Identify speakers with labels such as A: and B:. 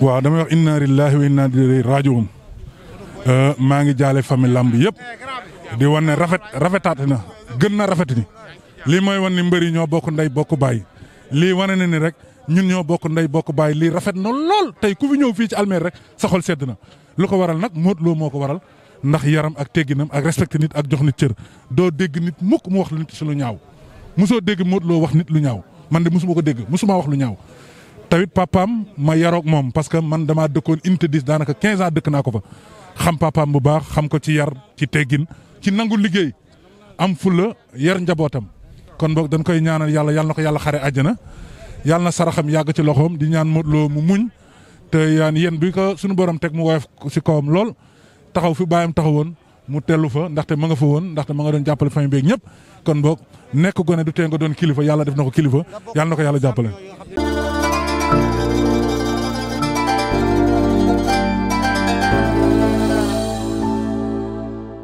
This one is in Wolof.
A: waaw damay wax inna lillahi wa inna ilayhi rajiun euh, maa ngi jaale fami làmb yëpp di wan ne rafet rafetaat na gën na rafet ni lii mooy wan ni mbër yi ñoo bokk ndey bokk bàyyi lii wane na ni rek ñun ñoo bokk ndey bokk bàyyi lii rafet na lool tey ku fi ñëw fii ci almeer rek sa xol sedd na lu ko waral nag Modou moo ko waral ndax yaram ak tegginam ak respecté nit ak jox nit cër doo dégg nit mukk mu wax nit si lu ñaaw mosoo dégg Modou wax nit lu ñaaw man de mosuma ko dégg mosuma wax lu ñaaw tamit papaam ma yaroog moom parce que man damaa dëkkoon unité daanaka 15 ans dëkk naa ko fa. xam papaam bu baax xam ko ci yar ci teggin ci nangu liggéey am fulla yar njabootam kon boog dan koy ñaanal yàlla yàlla na ko yàlla xare àjjana yàlla na saraxam yàgg ci loxoom di ñaan Modou Lo mu muñ te yaan yéen bi ko suñu borom teg mu woyof si kawam lool taxaw fi baayam woon mu tellu fa ndaxte ma nga fa woon ndaxte ma nga doon jàppale famille beeg ñëpp kon boog nekk gone du tee nga doon kilifa yàlla def na ko kilifa ko yàlla jàppale. Thank you.